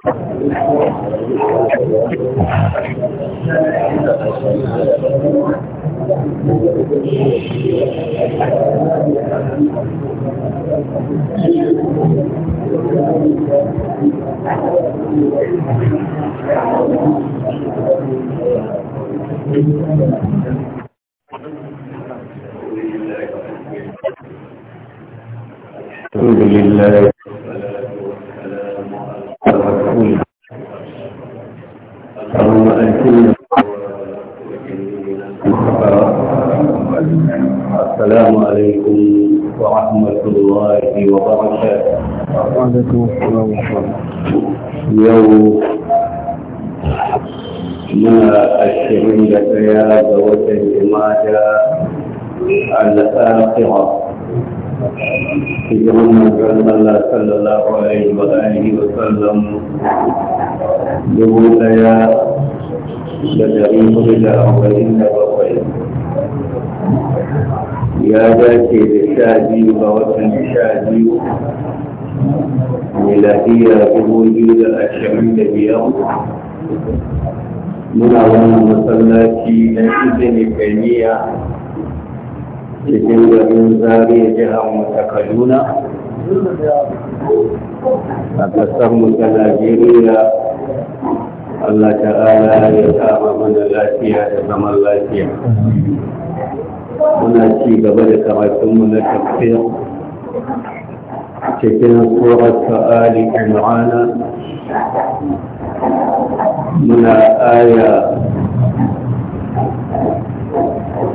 الحمد لله السلام عليكم ورحمة الله وبركاته وعليكم السلام ورحمة الله يوم من الشهيد يا زوجة جماعة الآخرة hijirin manzon Allah sallallahu alaihi wa alihi wa sallam dubu daya da dari hudu da arba'in da bakwai ya dace da sha biyu ga watan sha biyu miladiyya dubu biyu da ashirin da biyar muna wannan masallaci na izini kaniya cikin garin zariya jihar matakaduna a ƙasar ta najeriya allah ta'ala ya kama mana lafiya da zaman lafiya muna ci gaba da karatunmu na tafsir cikin surat ali rana, muna aya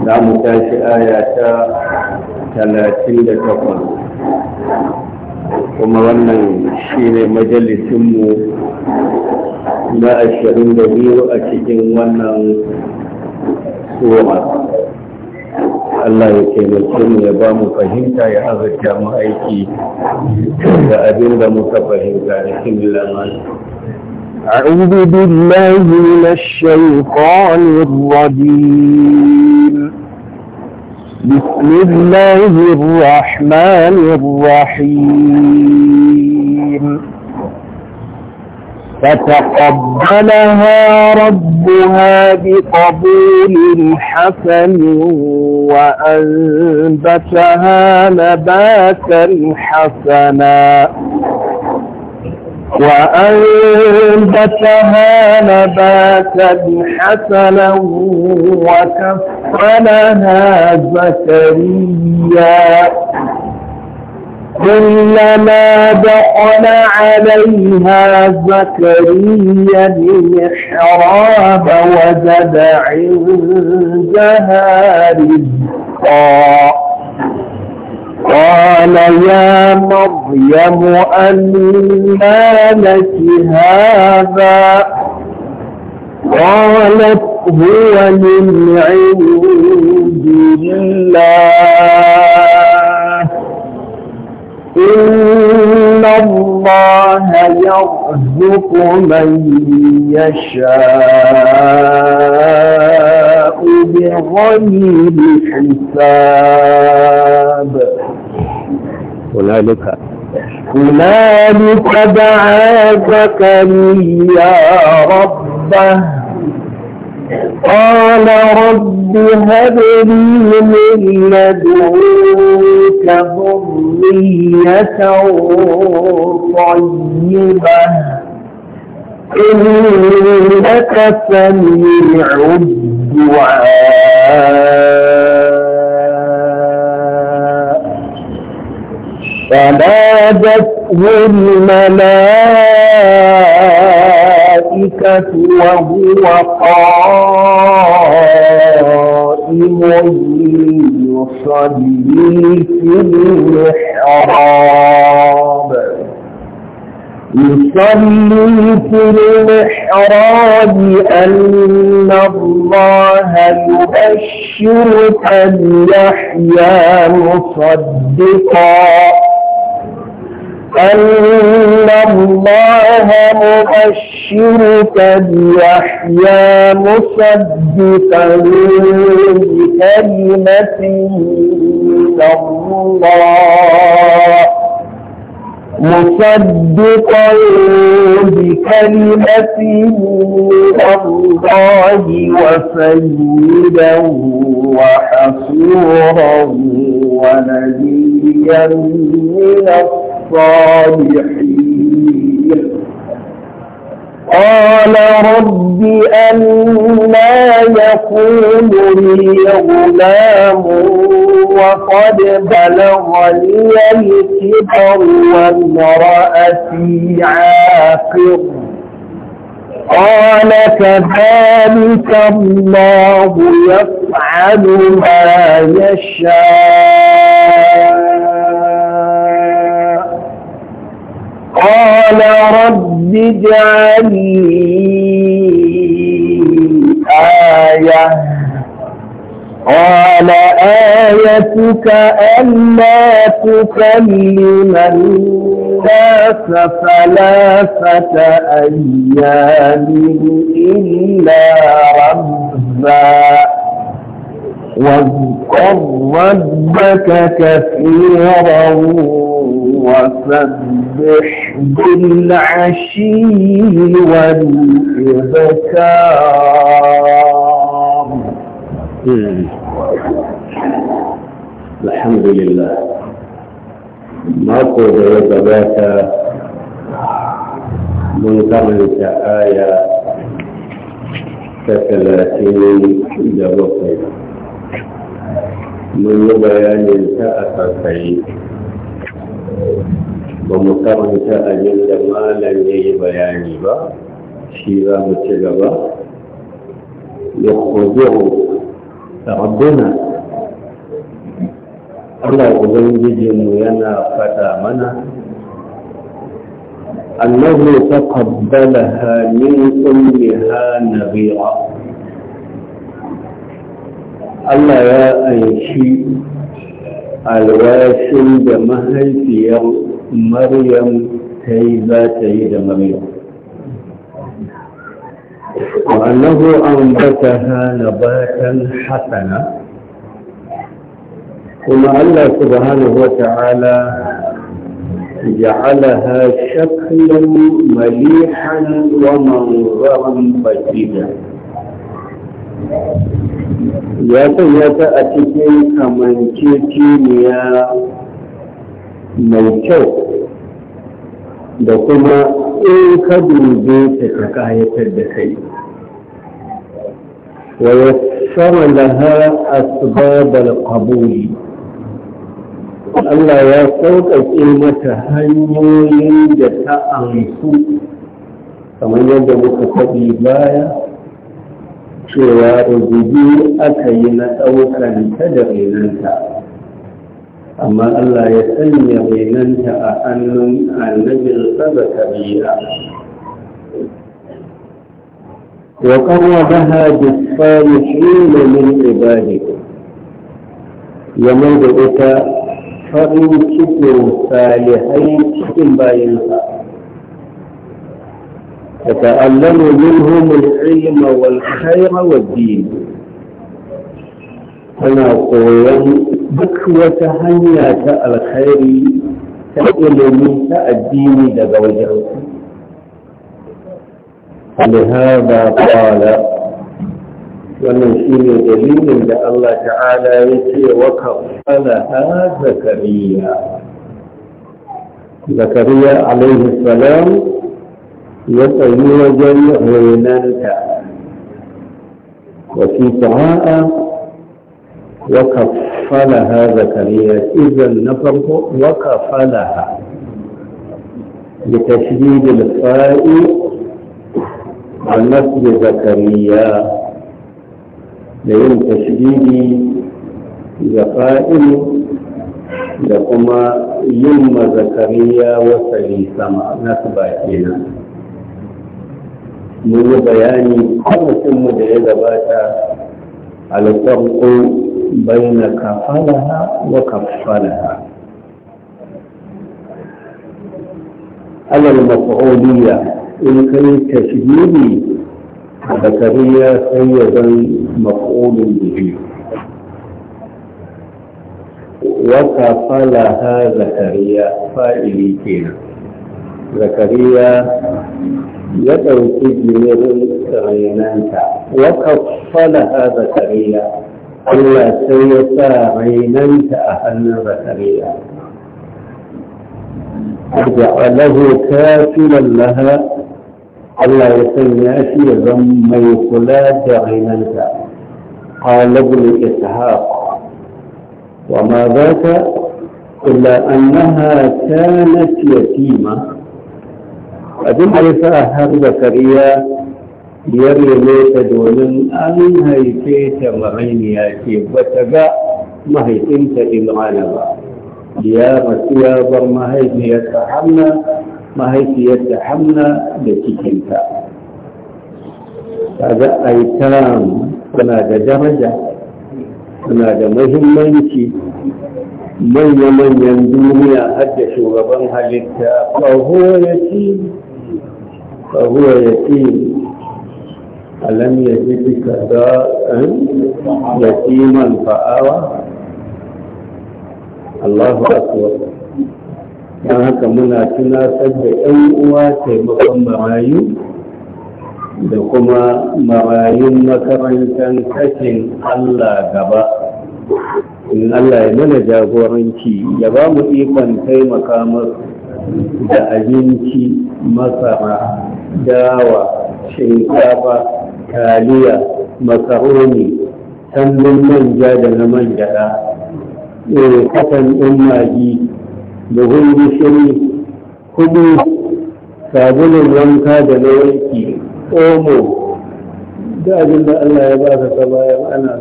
za mu tashi aya ta talatin da takwas kuma wannan shi ne majalisinmu na ashirin da biyu a cikin wannan sura Allah ya taimake mu ya ba mu fahimta ya azurta mu aiki da abin da muka fahimta da cikin أعوذ بالله من الشيطان الرجيم بسم الله الرحمن الرحيم فتقبلها ربها بقبول حسن وأنبتها نباتا حسنا وأنبتها نباتا حسنا وكفلها زكريا كلما دخل عليها زكريا المحراب وجد عندها رزقا قال يا مريم أنى لك هذا قالت هو من عند الله إن الله يرزق من يشاء بغير حساب هنالك هنالك دعا زكريا ربه قال رب هب لي من لدنك ذرية طيبة إنك سميع الدعاء فنادته الملائكة وهو قائم يصلي في المحراب يصلي في المحراب أن الله يبشرك يحيى مصدقا أن الله مبشرك يحيى مصدقا بكلمة من الله مصدقا بكلمة من الله وسيدا وحصورا ونبيا من الصالحين قال رب أنا يكون لي غلام وقد بلغني الكبر وامرأتي عاقر قال كذلك الله يفعل ما يشاء قال رب اجعل لي آية قال آيتك ألا تكلم الناس ثلاثة أيام إلا ربا واذكر ربك كثيرا وسبح بالعشي والإبكار Hmm. alhamdulillah mako da ya gabata mun karanta aya ta talatin da bakwai mun yi bayanin ta a sassari ba mu karanta abin da malam ya yi bayani ba shi za mu ci gaba ya kuzo ربنا Allah Ubangijinmu yana faɗa mana, Annahu ta kabbalaha min ummiha nabira. Allah ya anshi alwashin da mahaifiyar Maryam ta yi za ta yi da Maryam. وأنه أنبتها نباتا حسنا ثم الله سبحانه وتعالى جعلها شكلا مليحا ومنظرا بديلا يا سيدي أتيتي كمن تيتيني يا ميتو دكما إن كدو بيتك كاية الدكيت ويسر لها أسباب القبول Allah ya sauƙaƙe mata hanyoyin da ta amsu kamar yadda muka faɗi baya cewa rubuji aka yi na ɗaukanta da renanta amma Allah ya sanya renanta a hannun annabin sa zakariya وقربها بالصالحين من عباده يمد اتى فإن شكر صالحين شكر باينها تتعلم منهم العلم والخير والدين أنا قويا duk wata الخير ta alkhairi ta ilimi لهذا قال ومن شيء جليل ان الله تعالى يتي وكفلها زكريا زكريا عليه السلام يتي وجل غيمانك وفي دعاء وكفلها زكريا اذا نفرت وكفلها بتشديد الفائق والنسل da لين تشديدي زقائم لكما يم زكريا وسلي سما نسبة هنا mun yi bayani kwamitin mu da ya gabata alfarko bai na kafalaha wa kafalaha alal mafa'oliya in kai tashbihi da kariya sai ya zan maqulun bihi wa kafala ha zakariya fa'ili kenan zakariya ya ɗauki jimirin rainanta wa kafala ha zakariya Allah sai ya sa rainanta a hannun zakariya وجعله كافلا لها الله يسمي أشي ذم يقلا دعينك قال ابن إسحاق وما ذاك إلا أنها كانت يتيمة abin da ya sa har zakariya ya rene ta domin an haife ta marainiya ce ba ta ga mahaifinta imana ba ya masu ya bar mahaifiyarta hamna mahaifiyarta hamna da cikinta kaga aitam suna da daraja suna da muhimmanci manya-manyan duniya har da shugaban halitta ƙaho ya ci فهو يتيم ألم يجدك ci man fa'awa. Allahu akbar don haka muna tunatar da 'yan uwa taimakon marayu da kuma marayun makarantar kashin Allah gaba in Allah ya mana jagoranci ya ba mu ikon taimaka masu da abinci masara dawa shinkafa taliya makaroni sandun manja da na manjada Eh, kwatan ɗin da buhun gishiri kudu sabulun wanka da na wanki omo da abin da Allah ya ba ka ta bayan ana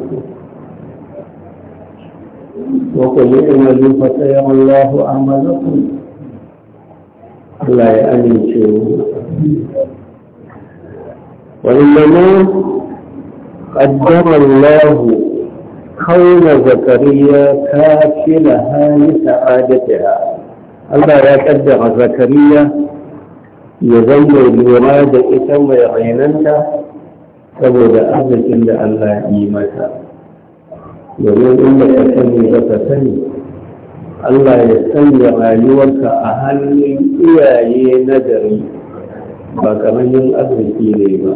so wa kulli amalin fa sayara Allahu amalakum Allah ya amince mu wani inna qaddara Allahu kauna zakariya ta kila hali sa'adatiha Allah ya kaddara zakariya ya zama lura da ita mai rainanta saboda arzikin da Allah yi mata domin in ba ka sani ba ka sani Allah ya sanya rayuwarka a hannun iyaye na gari ba kamar yin arziki ne ba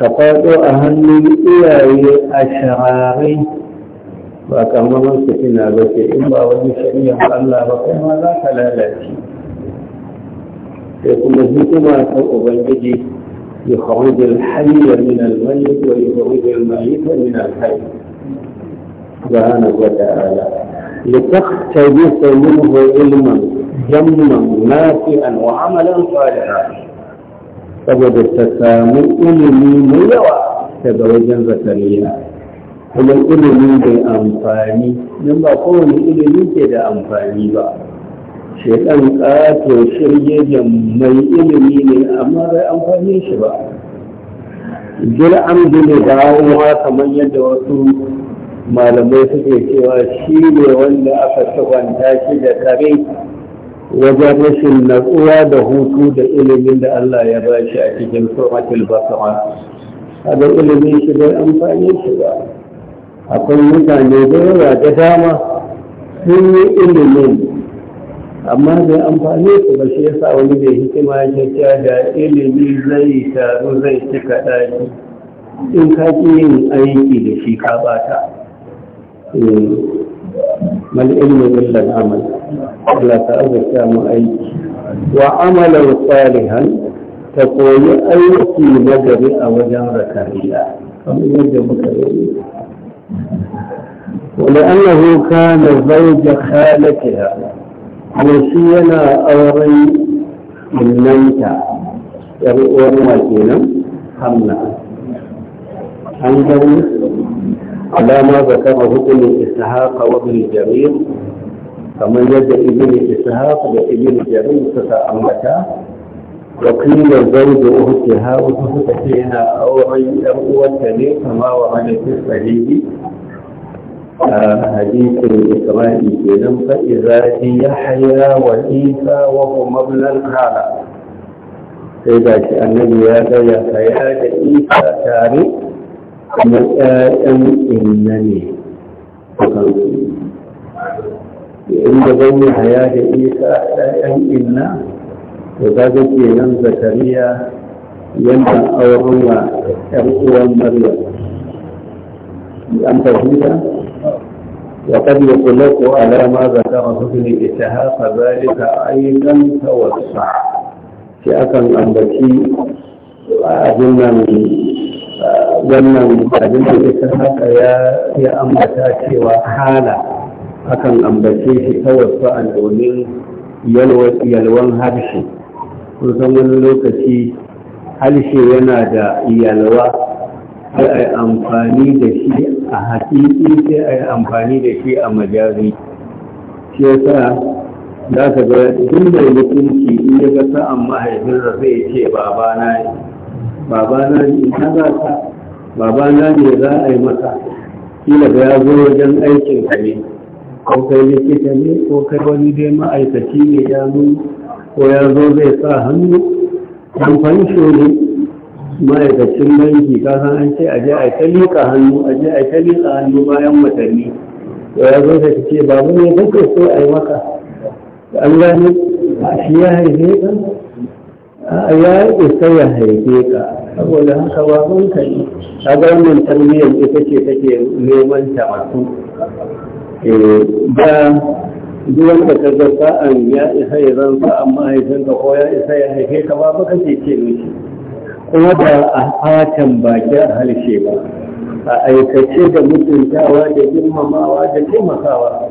فقد أهل الإلهي أشعاري وكما من سكنا بك إما ومشعي الله وكما لا خلالاتي فيكم مزيكما تؤبن بجي يخرج الحي من الميت ويخرج الميت من الحي سبحانه وتعالى لتختبث منه علما جما نافعا وعملا صالحا saboda ta samu ilimi mai yawa daga wajen zakariya kuma ilimi mai amfani nan ba kowane ilimi ke da amfani ba shekan ƙato shirgegen mai ilimi ne amma bai amfani shi ba jir'an da dawowa kamar yadda wasu malamai suke cewa shi ne wanda aka shi da kare wajen rashin natsuwa da hutu da ilimin da Allah ya ba shi a cikin tsohatul basara da ilimin shi bai amfani shi ba akwai mutane da yawa da dama sun yi ilimin amma bai amfani su ba shi yasa wani bai hikima ya cewa da ilimi zai taru zai cika ɗaki in ka ki yin aiki da shi ka bata mal eh, ilmi illa لا تأذك أي وعملا صالحا تقول أي في مدر أو جارك ولأنه كان زوج خالتها نسينا أوري من نيتا يعني ورواتينا حمنا عندهم على ما ذكره ابن إسحاق وابن جرير kamar yadda ibn ishaq da ibn jarir suka ambata wa qila zawju ukhtiha wa suka ce yana auren dan uwanta ne kama wa malakin sahihi حديث الإسراء كلم فإذا يحيى وإيسى وهما ابن الخالة سيدا النبي هذا يحيى إيسى تاري من آن إنني inda zan yi haya da isa ɗayan inna to za ga nan zakariya yana auren wa ‘yan uwan maryam an fahimta وقد يطلق على ما ذكر في الاتهاء فذلك ايضا توسع في اكن امبتي abinnan wannan abin da ita haka ya ambata cewa hala akan ambace shi tawassu'an domin yalwan harshe kusan wani lokaci harshe yana da yalwa sai a yi amfani da shi a hakiki sai a yi amfani da shi a majari shi ya sa za ka ga duk mai mutunci in ya ga sa'an mahaifinsa zai ce babana ne babana ne ta za ka babana ne za a yi masa kila ga ya zo wajen aikin ka ne ko kai likita ne ko kai wani dai ma'aikaci ne ya zo ko ya zo zai sa hannu dan fansho ne ma'aikacin banki ka san an ce aje a ta liƙa hannu aje a ta liƙa hannu bayan watanni Ko ya zo zai ce babu ne kake so a yi maka an gani shi ya haife ka a ya isa ya haife ka saboda haka babanka ne a wannan tarbiyyar ita ce take neman ta ba eh, duk wanda ka ga sa'an ya isa ya zan sa'an mahaifinka ko ya isa ya haife ka ba baka ce ce mishi kuma da a fatan baki a ba a aikace da mutuntawa da girmamawa da taimakawa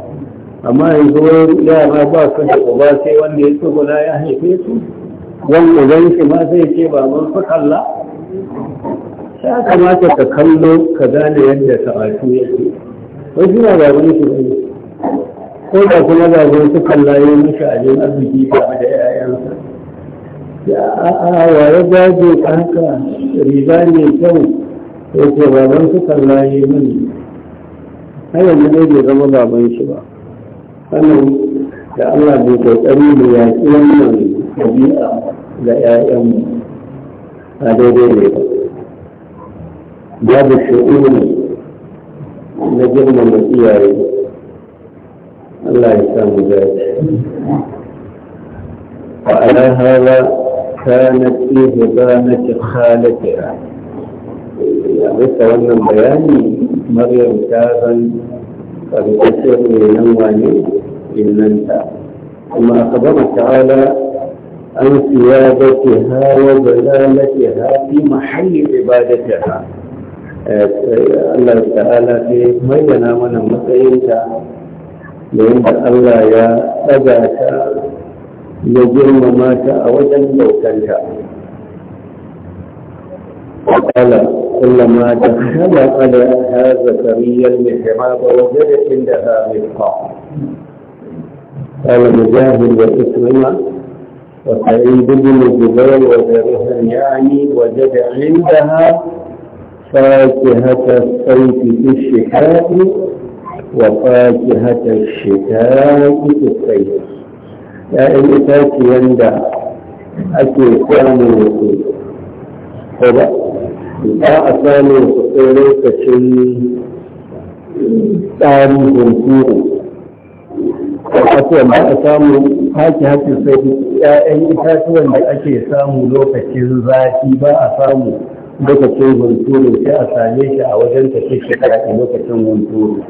amma yanzu yara ba su da uba sai wanda ya tsuguna ya haife su wani uban shi ma zai ce baban su kalla ya kamata ka kallo ka gane yadda karatu yake wai suna zaɓen shi ne ko da kuma zaɓen su kallaye mishi a jin arziki tare da 'ya'yansa a'a wa ya gaje ka haka riga ne kyau ko ko baban su kallaye mani? har yanzu dai bai zama baban shi ba sannan da Allah bai kokari da yaƙi wannan ɗabi'a ga 'ya'yanmu a daidai ne ba babu shi'uri na girmama iyaye Allah ya samu dace وعلى هذا كانت في هبانة خالتها bisa wannan bayani maryam ta zan karkashin renon wane innanta kuma aka bama ta'ala an siya da ke hawa da lalace ha fi mahalli ibadatiha Allah ta'ala في bayyana mana matsayinta da yadda Allah ya ɗaga ta ya girmama ta a wajen bautanta. قال كلما دخل عليها زكريا المحراب وجد عندها رزقا قال مجاهد وإكرمة وسعيد بن الجبير وغيرهم يعني وجد عندها فاكهة الصيف في الشتاء وفاكهة الشتاء في الصيف يعني إتاتي يندع أكي كامل وصول a sai 'ya'yan itatuwan da ake samu lokacin zafi ba a samu lokacin hunturu sai a same shi a wajen tafi shekara a lokacin hunturu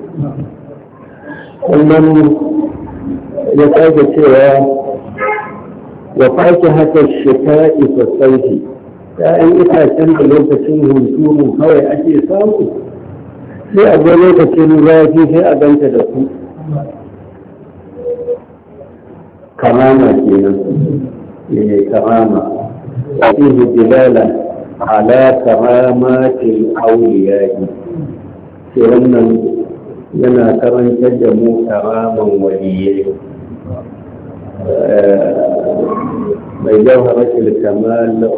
kullum ya kaga cewa wa faki haka shekara sosai ‘ya'yan itacen da lokacin hunturu kawai ake samu sai a zo lokacin zafi sai a ganta da su kamama kenan kamama wa fihi dilala على كرامات الاولياء في لنا كرم تجمو كراما ولي آه، بيجاوها رجل كمال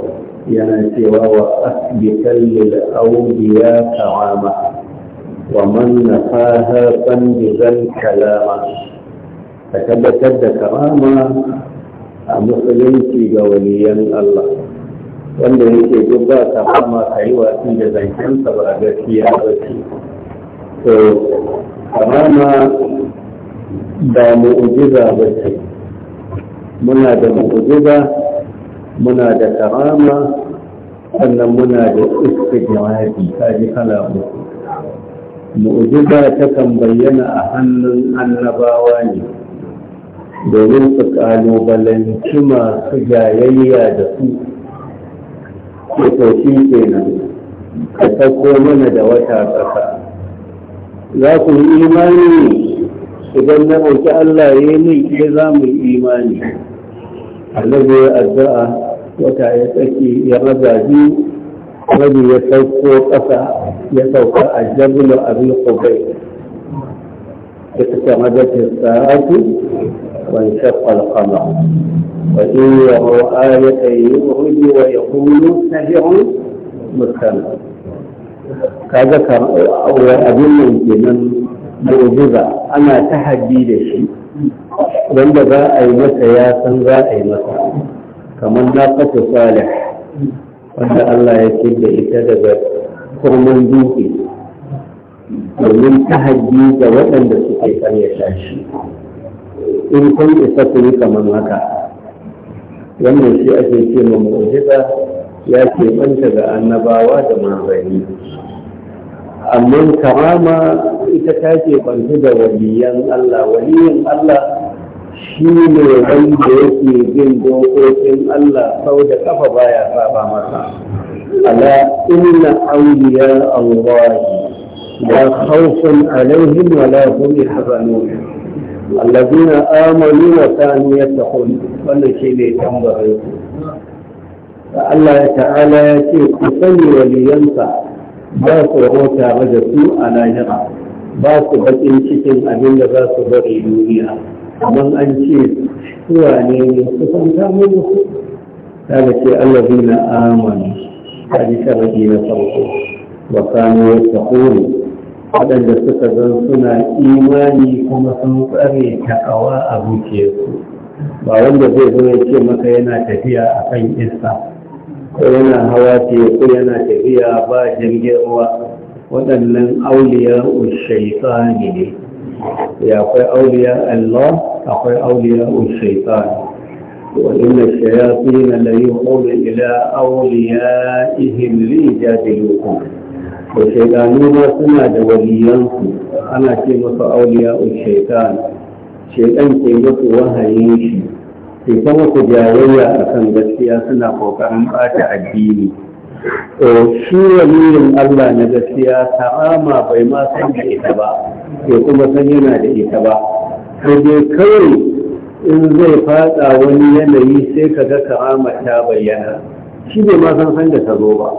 ينسي وهو أثبت للأولياء كرامة ومن نفاها فنجز الكلام فكبتد كرامة مسلم في قوليا الله wanda yake duk ba ka fama ka yi watsi da zancensa ba gaskiya ba ce to ma ba mu'ujiza ba ce muna da mu'ujiza muna da karama sannan muna da ta kaji kala uku mu'ujiza ta kan bayyana a hannun annabawa ne domin su kalubalanci masu jayayya da su ke to kenan ka sauko mana da wata ƙasa za ku yi imani idan na ɗauki Allah ya yi min ke za mu yi imani annabi ya addu'a wata ya tsaki ya raza biyu wani ya sauko ƙasa ya sauka a jabulu abin kubai استغدت الساعة وانشق القمر وإن يروا آية يخرج ويقول سحر مستمر كذا كان أظن أبن من جنان أنا تحدي لشيء لن بقى أي متى يا سنغا أي متى كما ناقة صالح وأن الله يكيد إتدبر قرمان دوكي domin tahaddi ga waɗanda suke karyata shi in kun isa ku yi kamar haka wannan shi ake ce ma mu'jiza ya ke banta ga annabawa da manzanni amma karama ita ta ke banta da waliyan Allah waliyan Allah shi ne wanda yake bin dokokin Allah sau da kafa baya saba masa ala inna awliya Allah لا خوف عليهم ولا هم يحزنون الذين امنوا وكانوا يتقون كل فلشيء ينبغي الله تعالى ياتي قصي ولينفع ما صوروك رجسوا على يرى ما صورت ان شئتم امين لا صور الدنيا ومن ان شئت هو ان يكون كامل ذلك الذين امنوا ذلك الذين صرفوا وكانوا يتقون waɗanda suka zan suna imani kuma sun tsare takawa a zuciyarsu ba wanda zai zo ya ce maka yana tafiya a kan iska ko yana hawa teku yana tafiya ba jirgin ruwa waɗannan auliya ushaitani ne ya akwai auliya Allah akwai auliya ushaitani وإن الشياطين ليوحون إلى أوليائهم ليجادلوكم da shaidanu ma suna da waliyansu ana ce masa auliya shaidan shaidan ke masu wahayin shi sai kuma ku jayayya a kan gaskiya suna kokarin ɓata addini to shi waliyin Allah na gaskiya ta'ama bai ma san da ita ba ke kuma san yana da ita ba sai dai kawai in zai fada wani yanayi sai ka ga karama ta bayyana shi bai ma san san da ta zo ba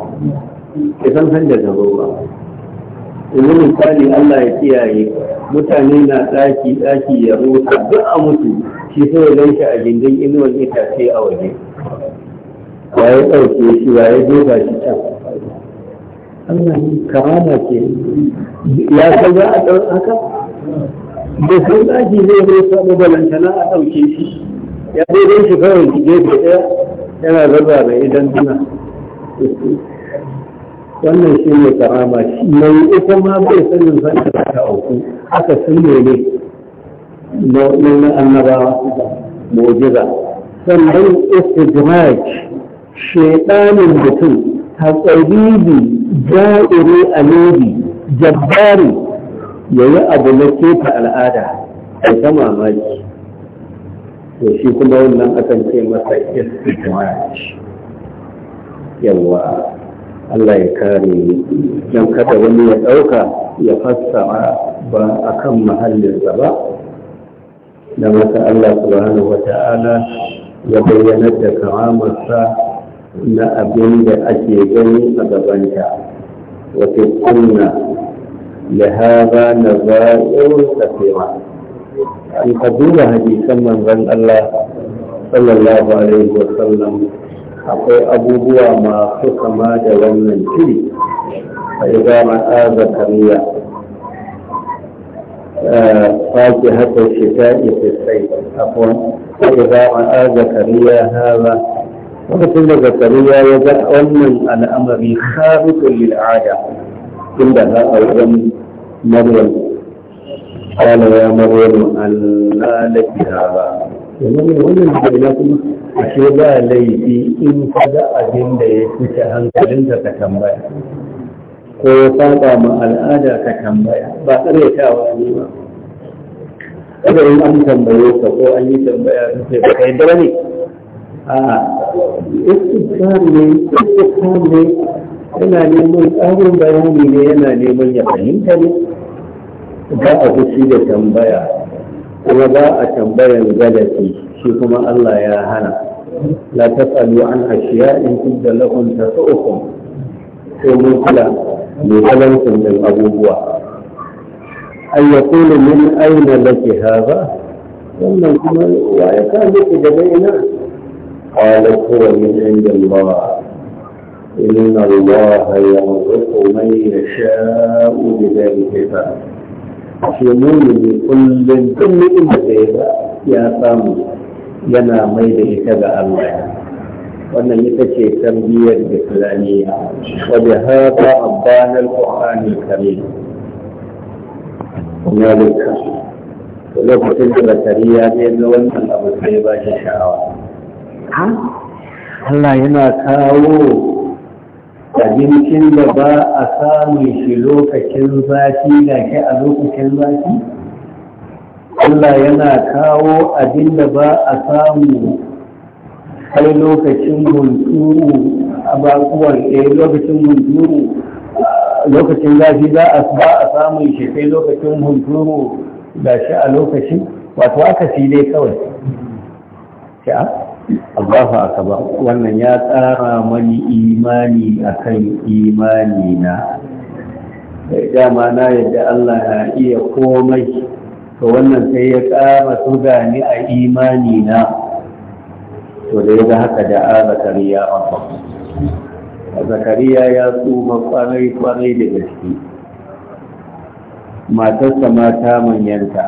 ya san hanyar da ba yanzu misali Allah ya kiyaye mutane na tsaki-tsaki ya rusa duk a mutu shi sai ya ganshi a gindin inuwar itace a waje ba ya ɗauke shi ba ya jefa shi can Allah karama ke ya san za a ɗau haka da sun tsaki zai rusa ba balantana a ɗauke shi ya dai shi kawai gefe ɗaya yana zaba mai idan duna wannan shi ne karama mai uku ma bai sanin sanin da ta auku aka sunne ne na annabawa mu'jiza sannan istijraj shaytanin mutum haƙaribi ja'iri alibi jabbari yayi abu na keta al'ada da ta mamaki to shi kuma wannan akan ce masa istijraj yawa Allah ya kare ni don kada wani ya ɗauka ya fassara ba a kan mahallinsa ba na haka Allah subhanahu wa ya bayyanar da karamarsa na abin da ake gani a gabanta wata kunna da haza na za'in an ka duba hadisan manzon Allah sallallahu alaihi wa sallam akwai abubuwa masu kama da wannan shiri a iza ma'a zakariya faki eh, haka ta ifisai sai a A iza ma'a zakariya haza lokacin da zakariya ya ga wannan al'amari kharikun lil'ada tunda za a wajen maryam قال يا مريم أن لا لك هذا ne wannan da ina kuma ashe ba laifi in ka abin da ya fita da ka tambaya ko ya saba ma al'ada ka tambaya ba tsare karyatawa ne ba kada in an tambaye ka ko an yi tambaya su ce ba kai dare ne a'a istikar ne istikar ne yana neman tsarin bayani ne yana neman ya fahimta ne ba a fushi da tambaya kuma ba a tambayar galafi shi kuma Allah ya hana la tasalu an ashiya in tudda lakum tasu'ukum sai mun kula ne kalancin din abubuwa ay yaqulu min ayna laki hadha wannan kuma wa ya ka miki daga ina qalat huwa min indillah إن الله يرزق من يشاء بذلك فعل shi muni ne kullum duk ni'in da ya samu yana mai da ita ga Allah wannan ita ce tarbiyyar islamiyya wadda haka abban al-qur'an al-karim kuma duka lokacin da zakariya ne na wannan abu sai ba shi sha'awa Allah yana kawo abincin da ba a samun shi lokacin zafi da ke a lokacin zafi Allah yana kawo abin da ba a samu sai lokacin hunturu a bakuwan eh lokacin hunturu lokacin zafi za a ba a samun shi sai lokacin hunturu da shi a lokacin wato aka fi dai kawai Allahu akbar wannan ya tsara mani imani a kan imani na eh, dama na yadda Allah na iya komai to wannan sai ya ƙara su ni a imani na to da ya haka da a zakariya abba zakariya ya tsufa kwarai kwarai da gaske matarsa mata manyanta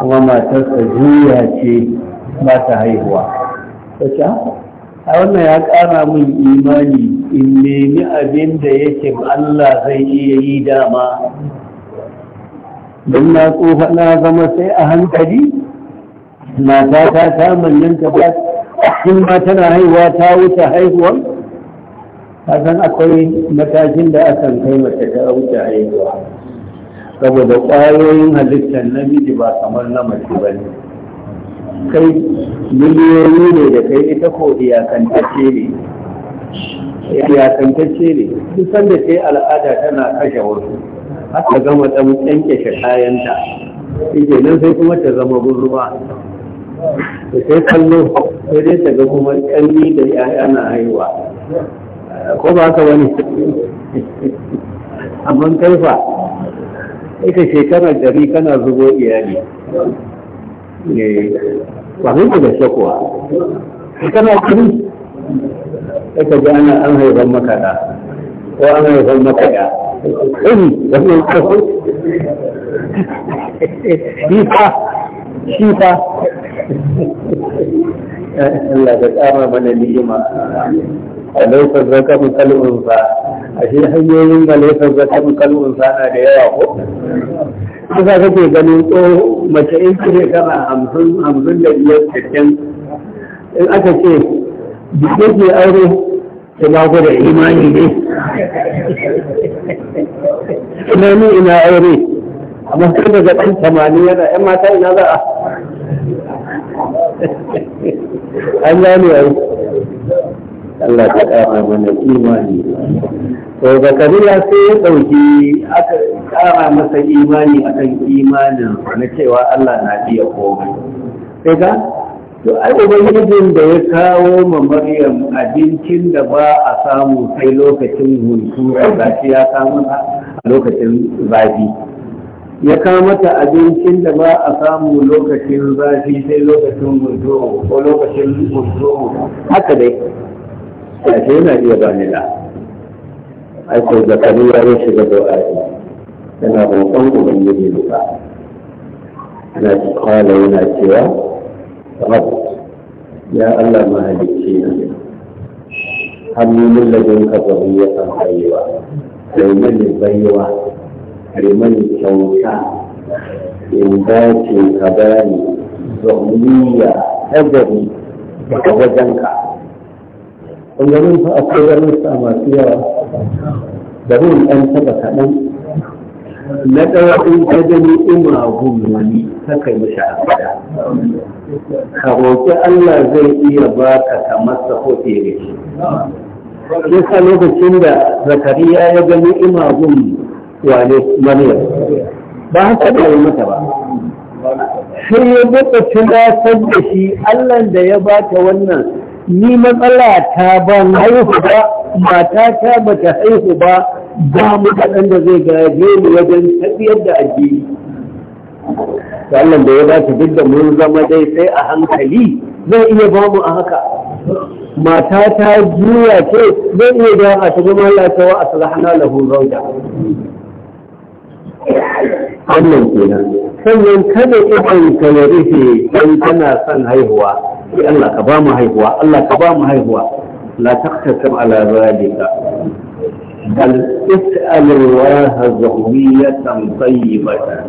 kuma matarsa juya ce ba ta haihuwa wace a ah, wannan ya ƙara min imani in nemi abin da yake Allah zai iya yi dama don na tsofa na zama sai a hankali mata ta ta ba in ma tana haihuwa ta wuce haihuwar san akwai matakin da aka kai mace ta wuce haihuwa saboda ƙwayoyin halittar namiji ba kamar na mace ba ne kai miliyoyi ne da kai ita ko iyakantacce ne iyakantacce ne duk sanda sai al'ada tana kashe wasu haka gama dan yanke kayanta ike nan sai kuma ta zama gurruwa da sai kallo sai dai ta ga kuma ƙanni da ya'ya na haihuwa ko ba haka wani amma fa ita shekarar dari kana zubo iyali kwanin eh, da gaske kuwa kana kiri ka ji ana an haifar maka da ko an haifar maka da kiri wannan kawo shi fa eh, Allah ka tsara mana ni'ima ليس الذكر كالأنثى ashe hanyoyin da laifin zaton kalmar sana da yawa ko kusa kake ganin ko mace in ce shekara hamsin hamsin da biyar cikin in aka ce duk ke aure ta ba ku da imani ne ina ni ina aure amma sai daga ɗan tamani yana ‘yan mata ina za a an gane aure Allah ta ƙara mana imani to zakariya sai ya ɗauki aka ƙara masa imani akan imanin na cewa Allah na iya komai sai ga to ai ubangijin da ya kawo ma maryam abincin da ba a samu sai lokacin hunturu zafi ya samu a lokacin zafi ya mata abincin da ba a samu lokacin zafi sai lokacin mutuwa ko lokacin mutuwa haka dai a shi yana iya ba ni da aiko zakariya ya shiga do'a'i yana roƙon ubangiji duka ana kala yana cewa rab ya Allah mahalicci na hannu min lajin ka ya san haiwa kai mani baiwa kai mani kyauta in dace ka bani zauliya ta gari wajen ka. ɓangarin a akwai garin sa masu yawa da mun ɗan taɓa kaɗan na ɗaya in ka gani ima gun wani ta kai mishi ka roƙi Allah zai iya baka ka masa hote da shi yasa lokacin da zakariya ya gani ima gun wane maryam ba haka da yi mata ba sai ya buƙaci na da shi Allah da ya ta wannan ni matsala ta ban haihu ba mata ta ba ta haihu ba ba mu kaɗan da zai gaje ni wajen tafiyar da addini wannan da ya dace duk da mun zama dai sai a hankali zai iya ba mu a haka mata ta juya ce zai iya da a ta zama Allah a salahana aslahna lahu zawja wannan kenan sannan kada idan kanarife rufe tana son haihuwa ya Allah ka ba mu haihuwa Allah ka ba mu haihuwa la taqtasir ala zalika bal is'al Allah zawiyatan tayyibatan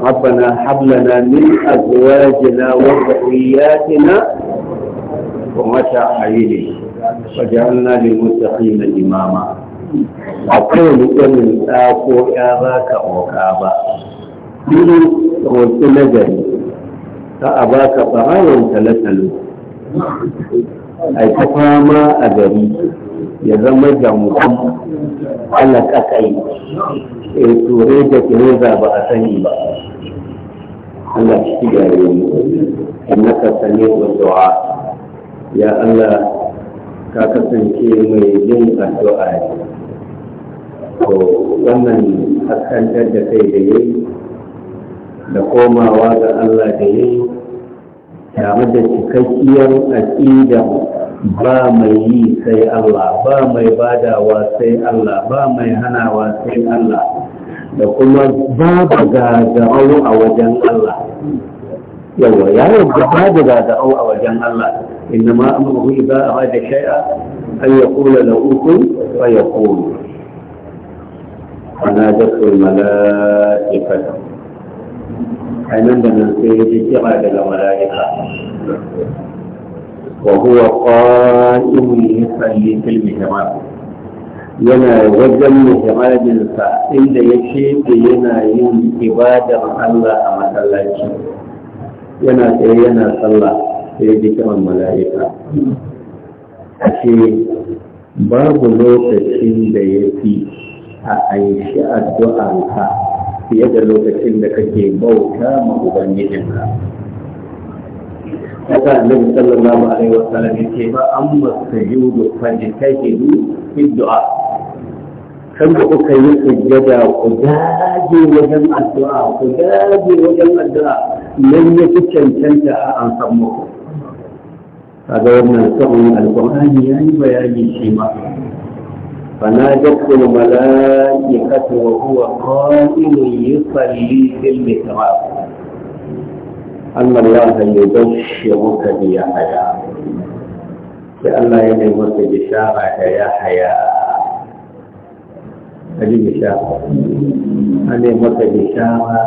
ربنا هب لنا من ازواجنا وذرياتنا ومتى عيني وجعلنا للمتقين اماما akwai irin ɗako ya ba ka oka ba, ɗin roƙi nagari ka a ba ka ɓarawan talatalo a ta fama a gari ya zama jamukan Allah kai. e eh, ture da kireza ba a sani ba Allah shi gare mu innaka wa du'a ya Allah ka kasance mai yin addu'a ne to wannan haskantar da kai da yayi da komawa ga Allah da ya yi tare da cikakkiyar aƙida ba mai yi sai Allah ba mai badawa sai Allah ba mai hanawa sai Allah da kuma ba babu gagarau a wajen Allah yawa ya yarda babu gagarau a wajen Allah inda ma amruhu idza arada shay'a an yaqula lahu kun fa yaqulu ana dakul malaikatu a nan da nan sai ya ji kira daga mala'ika wa huwa qa'imun yusalli fil mihrab yana wajen mihrabinsa inda ya da yana yin ibadar Allah a masallaci yana tsaye yana sallah sai ji kiran mala'ika ashe babu lokacin da ya fi a aishi addu'anka fiye da lokacin da kake bauta ma ubangijinka haka annabi sallallahu alaihi wasallam yace ba an masajudu fajtahidu fi du'a kan da kuka yi sujjada ku dage wajen addu'a ku dage wajen addu'a nan ya fi cancanta a an san muku kaga wannan sabon ya yi bayani shi ma فنادته الملائكة وهو قائم يصلي في المحراب أن الله يبشرك بيحيى لأن يدعوك بشارة يا حياء أجي بشارة أنا يدعوك بشارة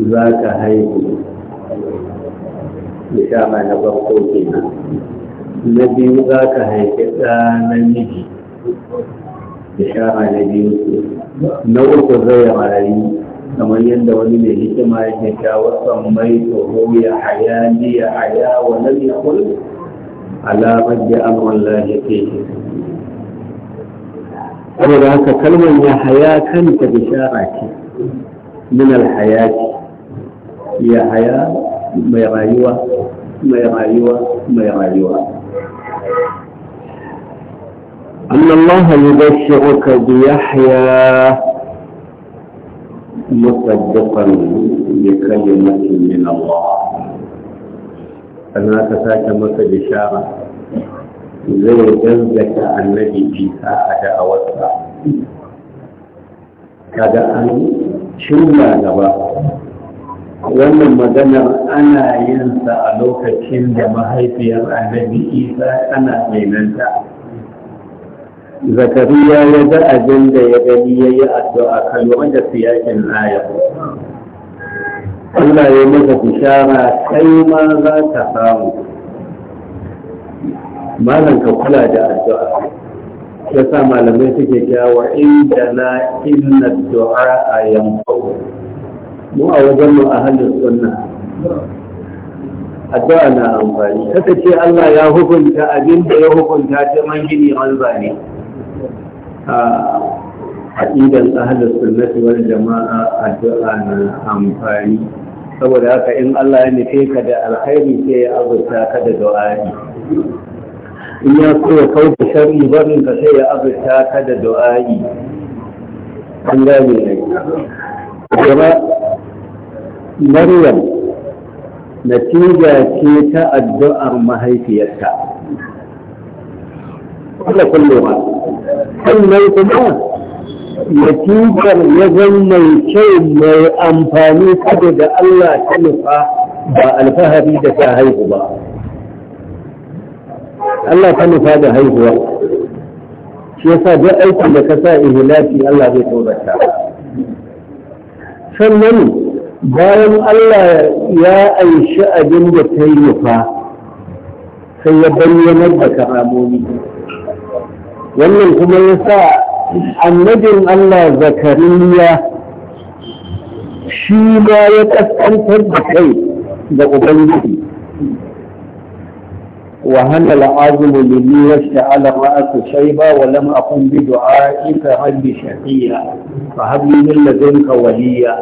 ذاك هيبي bishara na farko kenan na biyu za ka da sha'a na biyu na uku zai rayu kamar yadda wani mai hikima yake ta wasan mai tsoro ya haya ni ya haya wa lam yakul alamar da an wallahi ke saboda haka kalmar ya haya kanta bishara ce min alhayati ya haya mai rayuwa mai rayuwa mai rayuwa أن الله يبشرك بيحيى مصدقا بكلمة من الله أنا تساك مك بشارة زي عن النبي إيساء أوسع كذا أن شمع gaba wannan maganar ana yin sa a lokacin da mahaifiyar annabi isa tana mainanta zakariya ya ga abin da ya gani ya yi addu'a kan wanda yakin aya Allah ya maka bishara kai ma za ka samu malam ka kula da addu'a ya sa malamai suke kyawa inda na inna du'a a yanfau mu a wajen mu a hannun sunna addu'a na amfani kaka ce Allah ya hukunta abin da ya hukunta ta man gini an zane aƙidar ahalar sunnati wal jama'a addu'a na amfani saboda haka in Allah ya nufe ka da alkhairi sai ya azurta ka da du'a'i in ya so ya kauce sharri barin ka sai ya azurta ka da du'a'i an gane ne gaba Maryam natija ce ta addu'ar mahaifiyarta kula kullewa sannan kuma latifar ya zan mai kyau mai amfani kada da Allah ta nufa ba alfahari da ta haihu ba Allah ta nufa da haihuwa shi yasa duk aikin da ka sa ihilafi Allah zai taurata sannan bayan Allah ya aishi abin da ta yi nufa sai ya bayyanar da karamomi wannan kuma ya sa annabin Allah zakariya shi ma ya kaskantar da kai da ubangiji وهل العظم لي واشتعل رأس شيبا ولم أقم بدعائك رب شقيا فهب لي من لدنك وليا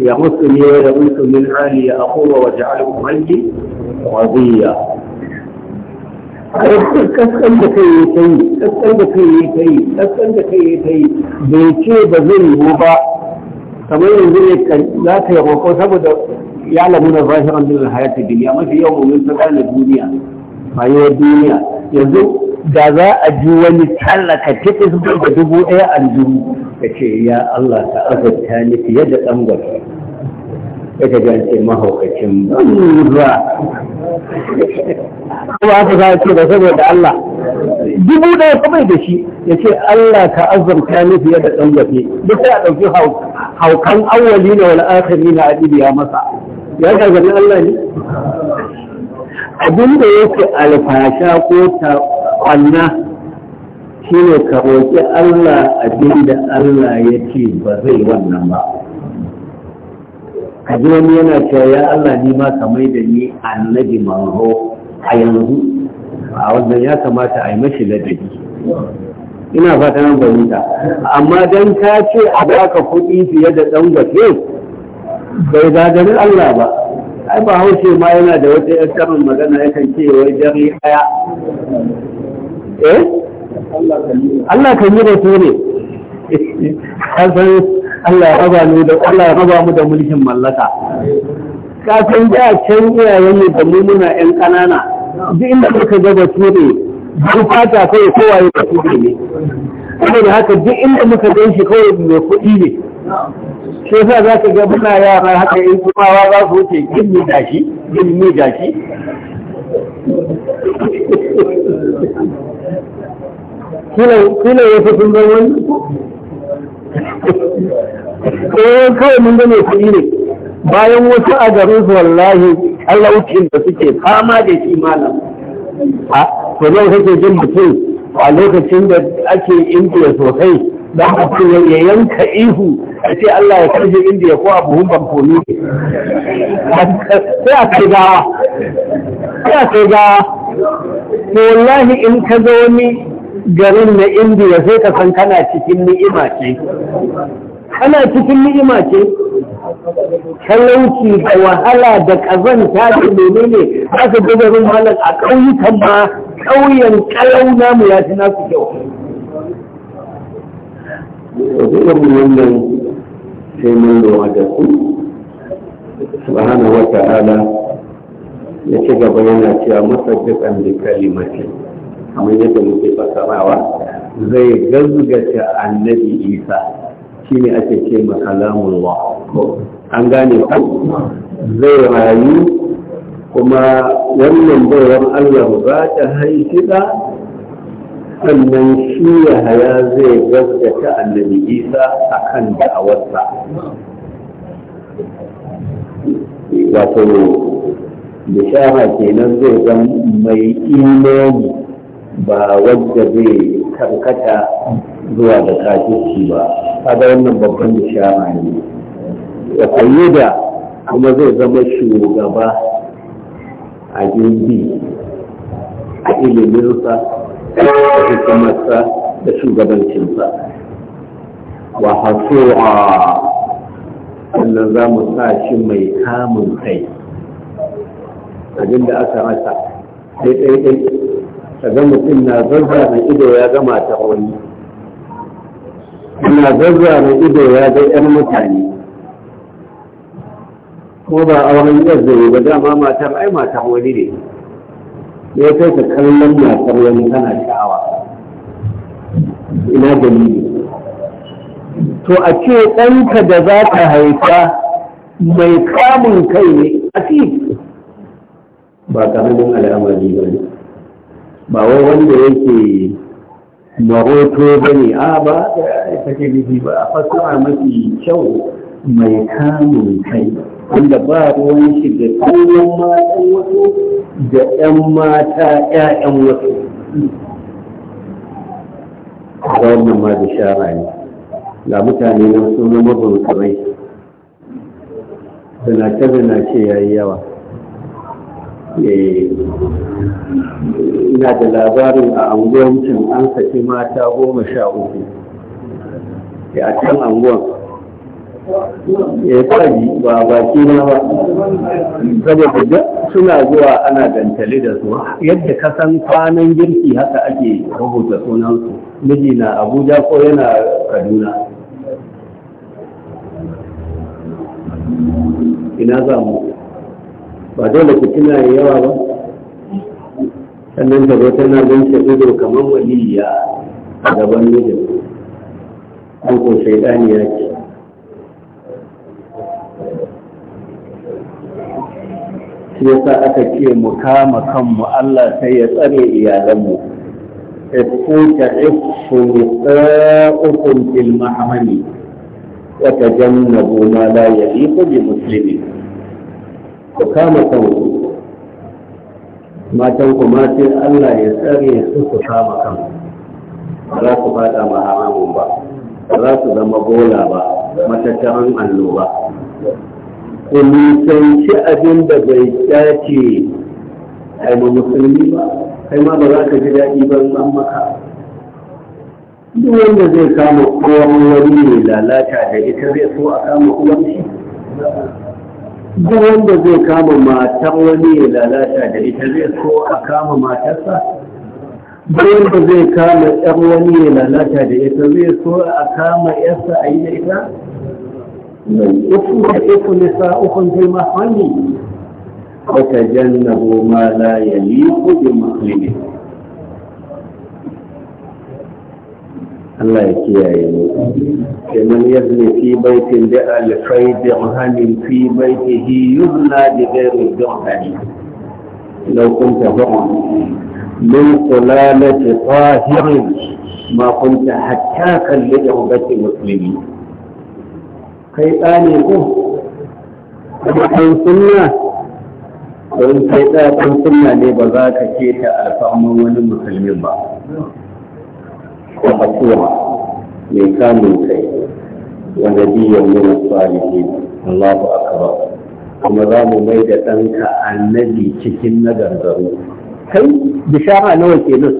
يمسني ويمس من عالي أخوه واجعله ملي رضيا kaskan da kai ya ta yi kaskan da kai ya ta yi kaskan da kai ya ta yi bai ce ba zai yiwu ba kamar yanzu ne za ta yi roƙo saboda ya lamu na zahiran min hayati duniya mafi yawan mumin ta gane duniya rayuwar duniya yanzu da za a ji wani tallaka tikis da dubu ɗaya aljihu ka ce ya Allah ta azabta ni fiye da ɗan daga jance mahaukacin banza kuma haka za a ce ba saboda Allah dubu ɗaya kawai da shi ya ce Allah ka azurta ni fiye da ɗan gafe duk sai a ɗauki haukan awwali na wani akari na ya masa ya gargani Allah ne abin da yake alfasha ko ta kwanna shine ka roƙi Allah abin da Allah ya ce ba zai wannan ba kaji wani yana cewa ya Allah ni ma ka mai da ni annabi manho a yanzu a wannan ya kamata a yi mashi ladabi ina fata nan fahimta. amma dan ka ce a baka kuɗi fiye da dan gafe bai gagarin Allah ba ai ba haushe ma yana da wata yar karin magana yakan ce wai jari aya eh Allah kan yi da ne kasan Allah ya raba mu da mulkin mallaka ka san da can iyayen mu da mu muna ƴan ƙanana duk inda muka ga bature duk fata kawai kowa ya bature ne saboda haka duk inda muka gan shi kawai mai kuɗi ne Sai sa za ka ga muna yara haka in kumawa za su wuce gilmi gashi da shi. kila ya fi sun zama wani eh kawai mun gane kuɗi ne bayan wasu a garin su wallahi Allah wucin da suke fama da shi malam a to nan kake jin mutum a lokacin da ake indiya sosai dan mutum ya yanka ihu a ce Allah ya karfe indiya ko a buhun bamfoni sai a kai gawa sai a kai gawa wallahi in ka zo wani garin na indiya sai ka san kana cikin ni'ima ce kana cikin ni'ima ce talauci da wahala da kazanta da menene ne ka ga garin malam a ƙauyukan ma ƙauyen ƙalau namu ya fi nasu kyau sai mun lura da su subhanahu wa ta'ala ya ci gaba yana cewa dukkan da kalimatin kamar yadda muke fasarawa zai gazgata annabi isa shine ake ce wa an gane ka zai rayu kuma wannan bayan allah ba ta haifida sannan shi ya haya zai gazgata annabi isa a kan da'awarsa wato bishara kenan zai zan mai imani ba wadda zai karkata zuwa da kafirci ba kaga wannan babban shara ne ya da kuma zai zama shugaba a jirgi a iliminsa da hukumarsa da shugabancinsa wa a sannan za mu sa shi mai kamun kai abinda aka rasa ɗaiɗaiɗai ka ga mutum na zazzaben ido ya ga matar wani na zazzaben ido ya ga 'yan mutane ko ba auren yar zai ba dama matar ai matar wani ne ya kai ka kallon matar wani tana sha'awa ina dalili to a ce ɗanka da za ka haifa mai kamun kai ne a ba ƙaramin al'amari ba ne ba wai wanda yake maroto ba ne a ba ta ke nufi ba a fasara mafi kyau mai kamun kai wanda ba ruwan shi da tsohon matan wasu da 'yan mata 'ya'yan wasu wannan ma da shara ne ga mutane na sunan mabautsawai zanace-zanace ya yi yawa Eh, ina da labarin a anguwancin an saki mata goma sha uku eh, a can anguwan ya eh, kwari ba baki na ba saboda duk suna zuwa ana dantali da su yadda ka san kwanan girki haka ake rubuta sunansu miji na abuja ko yana kaduna ina za mu ba dole fitina ya yawa ba sannan ta zo tana bince ido kamar waliya a gaban mijin an ko shaidani ya ce shi yasa aka ce mu kama kanmu Allah sai ya tsare iyalanmu ifuka ifu nisa'ukum fil mahmani wa tajannabu ma la yaliqu bi muslimin ku kama kanku matan ku ma sai Allah ya tsare su ku kama kanku ba za ku fada ma haramun ba ba za su zama bola ba matattaran allo ba ku nisanci abin da bai dace ai ma musulmi ba kai ma ba za ka ji daɗi ba san maka duk wanda zai kama kowa wani ne lalata da ita zai so a kama uwan shi duk wanda zai kama matar wani ya lalata da ita zai so a kama matarsa duk wanda zai kama yar wani ya lalata da ita zai so a kama yarsa a yi da ita Ukun da uku sa ukun fil ka ta tajannabu ma la yaliqu bi muslimin Allah ya kiyaye mu kenan yazni fi baitin da alfai da hanin fi baitihi yubna da gairu dirhani law ta hukum min qulalati tahirin ma kun kunta hatta kallida ubati musulmi? kai tsane ko kuma kan sunna don kai tsakon sunna ne ba za ka keta alfahman wani musulmin ba ko hakuwa mai kamun kai wa nabiyyan min salihin Allahu akbar kuma za mu mai da ɗanka annabi cikin nagargaru kai bishara nawa kenan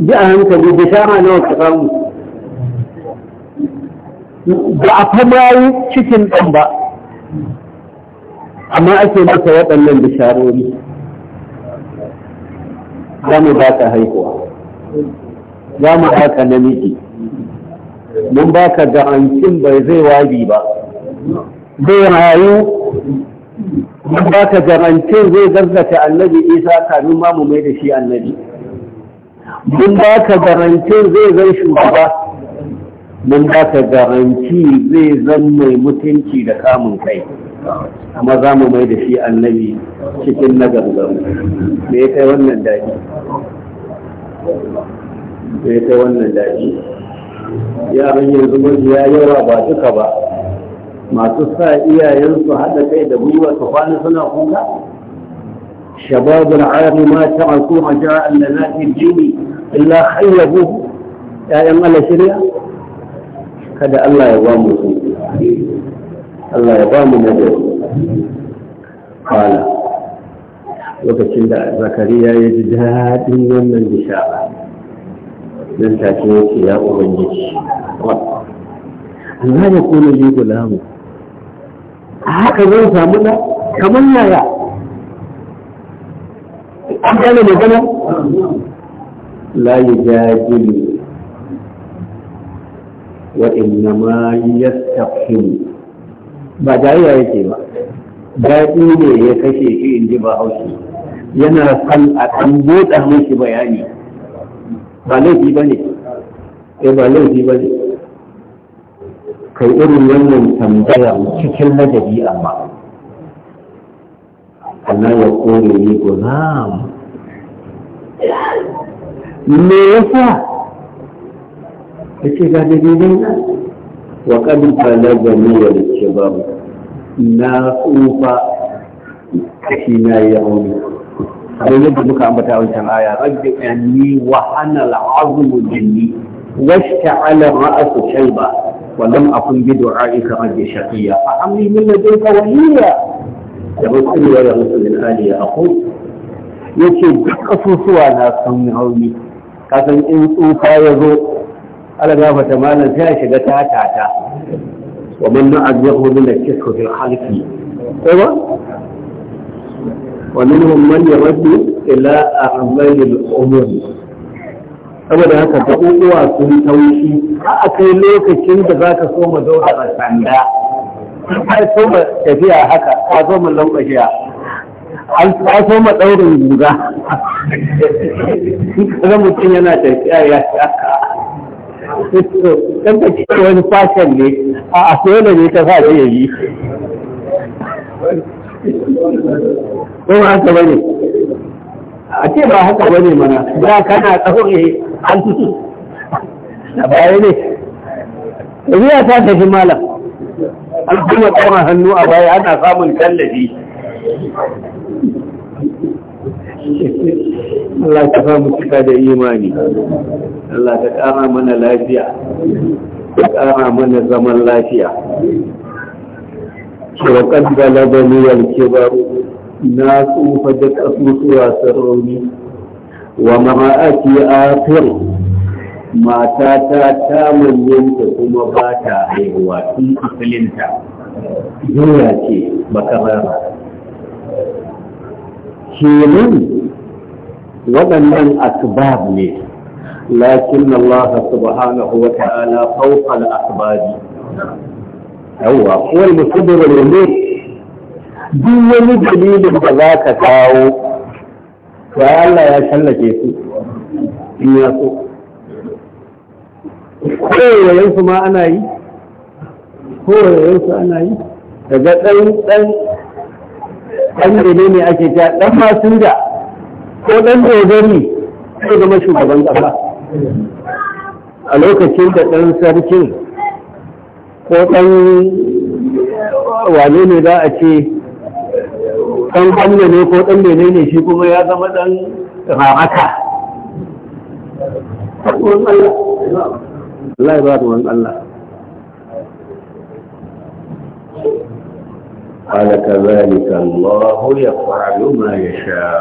ji a hankali bishara nawa ka samu ba a fama cikin ɗan ba amma ake masa waɗannan bisharori za mu ba ta haihuwa za mu haka namiji mun baka da hancin bai zai wabi ba zai rayu mun baka da hancin zai zargata annabi isa kamin ma mu mai da shi annabi mun baka da hancin zai zai shugaba mun baka garanti zai zan mai mutunci da kamun kai amma za mu mai da shi annabi cikin nagargaru. me ya kai wannan daji da ya kai wannan daji yaran yanzu majiya yawa ba duka ba masu sa iyayensu haɗa kai da gwiwa su kwana suna kuka شباب العالم ما تركوا رجاء لنا في الدين إلا خيبوه يا أيها الله شريعة kada Allah ya ba mu Allah ya ba mu nagari kala lokacin da zakariya ya ji daɗin wannan bishara nan take yake ya ubangiji Allah ya kone ne gulamu a haka zan samu na kamar yaya an gane magana la yujadilu wa innama yastaqim ba jayya yake ba daɗi ne ya kashe shi in ji ba haushi yana son a kan motsa mashi bayani ba laifi ba ne eh ba laifi ba ne kai irin wannan tambaya cikin ladabi amma Allah ya kore ni guzam me yasa yace ga dalilin wa qad balagani wal shabab na tsufa kashi na ya wani. kamar yadda muka ambata wancan aya rabbi anni wa ana al'azmu minni washta'ala ra'su shayba wa lam akun bi du'aika rabbi shaqiya fa amli min ladayka waliya da mutum ya rasu min aliya aqul yace duk kasusuwa na sun rauni kasan in tsufa ya zo ala gafata malam sai ya shiga ta wa man na'azahu min al-kisfi fil khalqi ko ba ومنهم من يرد إلى أعمال الأمور saboda haka ta uwa sun taushi a kai lokacin da za ka soma mu zauna a sanda a soma tafiya haka a soma mu lankwashiya an so ɗaurin guga kaga mutum yana tafiya ya haka kan ka ce wani fashion ne a asola ne ta sa ya yi ko ba haka ba ne a ce ba haka ba ne mana da kana tsaure an a baya ne riya ta tafi malam an kuma tsawon hannu a baya ana samun tallafi Allah ka samu cika da imani Allah ka ƙara mana lafiya ka ƙara mana zaman lafiya shi wa ƙaddala da niyyar kibaru na tsufa da ƙasusuwa wasan rauni wa a akhir matata ta manyanta kuma ba ta haihuwa tun asalinta doya ce bakarara kenan waɗannan asbab ne lakin Allah subhanahu wa ta'ala fawqa al-asbab yawa huwa al al-umur duk wani dalilin da za ka kawo ya Allah ya tallake su in ya so su ma ana yi su ana yi daga ɗan ɗan ɗan da ne ake ta ɗan da ko ɗan dogari ko zama shugaban ƙasa a lokacin da ɗan sarkin ko ɗan wane ne za a ce ɗan kwallo ne ko ɗan mene ne shi kuma ya zama ɗan ramaka Allah ba ruwan Allah قال كذلك الله يفعل ما يشاء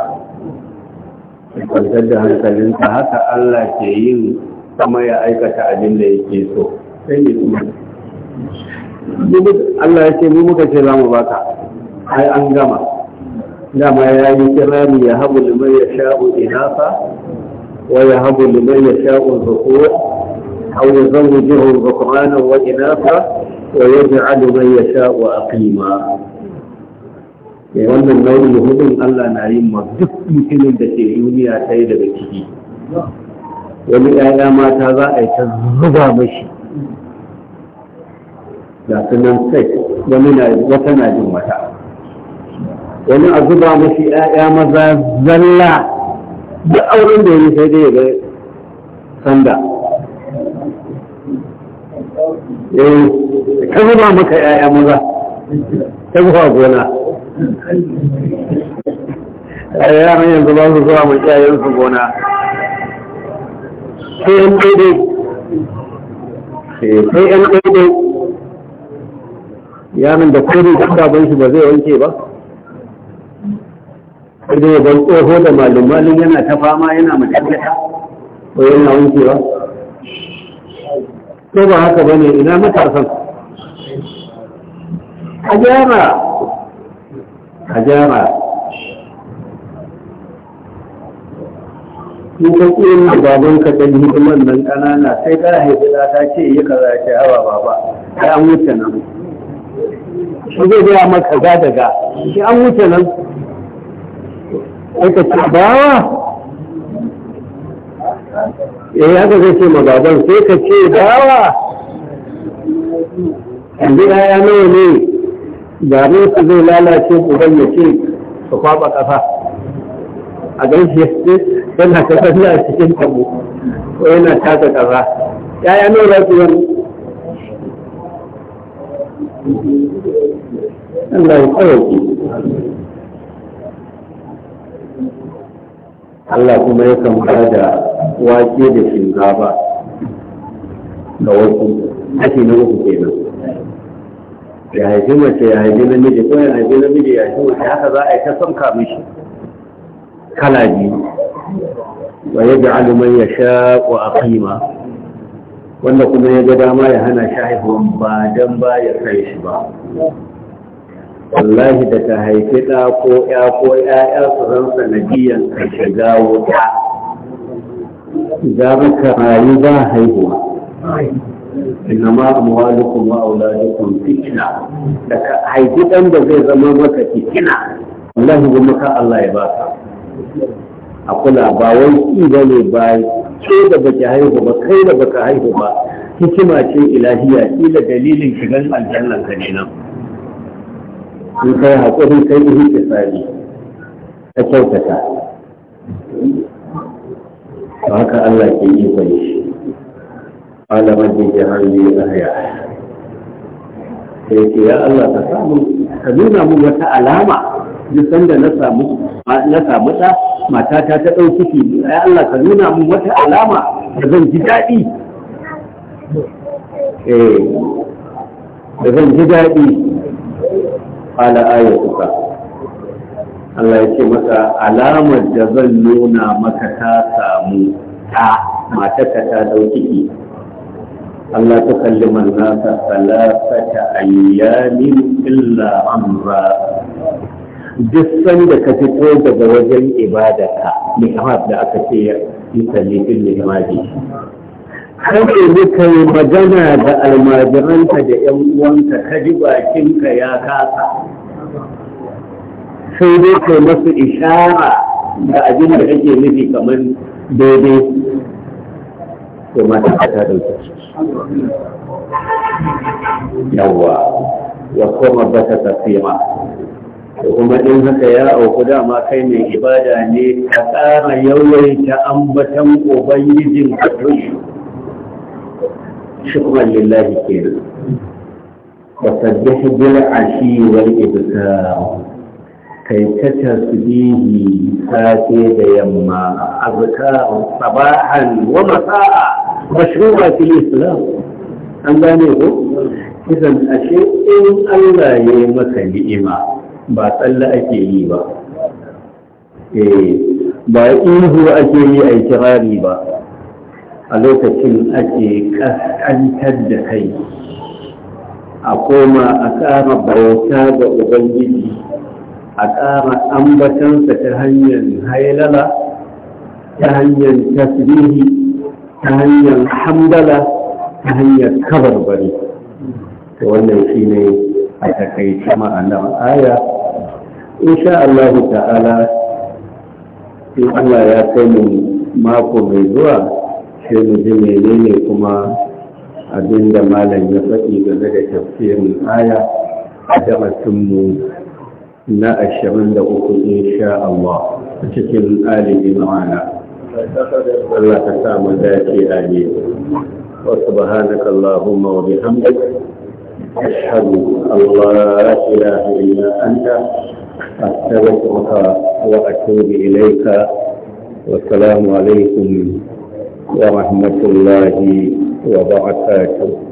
kwantar da hankalinsa haka Allah ke yin kuma ya aikata abin da yake so sai ne kuma Allah ya ce mu muka ce za mu baka ai an gama لا ما إنما يجران يهب لمن يشاء إناثا ويهب لمن يشاء الذكور أو يزوجهم ذكرانا وإناثا ويجعل من يشاء أقيما يقول النور يهب الله نعيم مذك يمكن أن الدنيا سيدة بكه ولأيها ما تضع تزغى بشي لكن ننسك ومن وطن جمتها wani a zuba mashi ya maza zalla da auren da yi sai dai ga sanda eh ka zuba maka ya maza ta zuwa gona a yaran yanzu ba su zuwa mai ‘ya'yansu gona sai ‘yan daidai eh, sai ‘yan daidai yaran da kodin kudaben shi ba zai wanke ba sai ya ban tsoho da malin malin yana ta fama yana matakata ko yana wucewa ko ba haka ba ne ina matasan a gyara a gyara in ka yin baban ka da hidiman nan kanana sai ka haifi da ta ce yi kaza ce hawa baba sai an wuce nan shi zai gaya maka za daga shi an wuce nan aka ce bawa ya eh, yi haka zai ce magaban sai ka ce bawa yanzu ya nawa ne garin su zai lalace ko ya ce su kwaba ƙasa a gaishe yana kasar na cikin tabo ko yana taka ƙasa ya yi nawa za su wani Allah ya kawai Allah kuma ya kan da wake da shinkafa ga wasu ake na uku kenan ya haifi mace ya haifi namiji ko ya haifi namiji ya haifi mace haka za a yi ta son ka mishi kala biyu wa ya ji aluman ya sha wa aqima wanda kuma ya ga dama ya hana shi ba don ba ya kai shi ba wallahi da ta haifi ɗa ko ya ko ya su zan sanadiyan ka shiga wuta za ka rayu ba haihuwa inna ma amwalukum wa auladukum fitna da ka haifi ɗan da zai zama maka fitina wallahi kuma ka Allah ya baka a kula ba wai ki bane ba ke da baki haihu ba kai da baka haihu ba hikima ce ilahiya ila dalilin shigan aljannan ka ne nan in kai haƙuri kai ihi tsari ta kyautata to haka Allah ke yi ikon shi ala maji ke hannu ya haya sai ce ya Allah ka samu ka nuna mu wata alama nisan da na samu na samu ta matata ta ɗau ciki ya Allah ka nuna mu wata alama da zan ji daɗi eh da zan ji daɗi qala ayatuka Allah ya ce masa alamar da zan nuna maka ta samu ta matarka ta dau Allah ta kalli manzata salasata ayyamin illa amra duk sanda ka fito daga wajen ibadarka mihrab da aka ce ya yi sallifin kake ne kai magana da almajiranka da ‘yan uwanka ka ji bakinka ya kasa sai dai kai masu ishara da abin da kake nufi kamar daidai ko mata ta su yawa ya koma ba ta tafiya da kuma in haka ya auku dama kai mai ibada ne ka tsara yawaita ambatan ubangijin ka tushe shukran lillahi kenan wa sabbih bil ashi wal ibkar kai ta tasbihi safe da yamma azkar sabahan wa masa'a mashru'a fil islam an gane ko kisan ashe in Allah ya yi maka ni'ima ba tsalla ake yi ba eh ba ihu ake yi a kirari ba a lokacin ake ƙasƙantar da kai a koma a ƙara bauta ga ubangiji a ƙara ambatansa ta hanyar hailala ta hanyar tasbihi ta hanyar hambala ta hanyar bari. ta wannan shi ne a takaice ma'anar aya insha Allah ta'ala in Allah ya kai mu mako mai zuwa sai mu ji ne kuma abin da malam ya faɗi game da tafsirin aya a darasinmu na ashirin da uku insha Allah cikin alibi ma'ana Allah ka sa mu dace a ne wa subhanaka Allah wa bihamdik ashhadu an la ilaha illa anta astaghfiruka wa atubu ilayka والسلام عليكم ورحمة الله وبركاته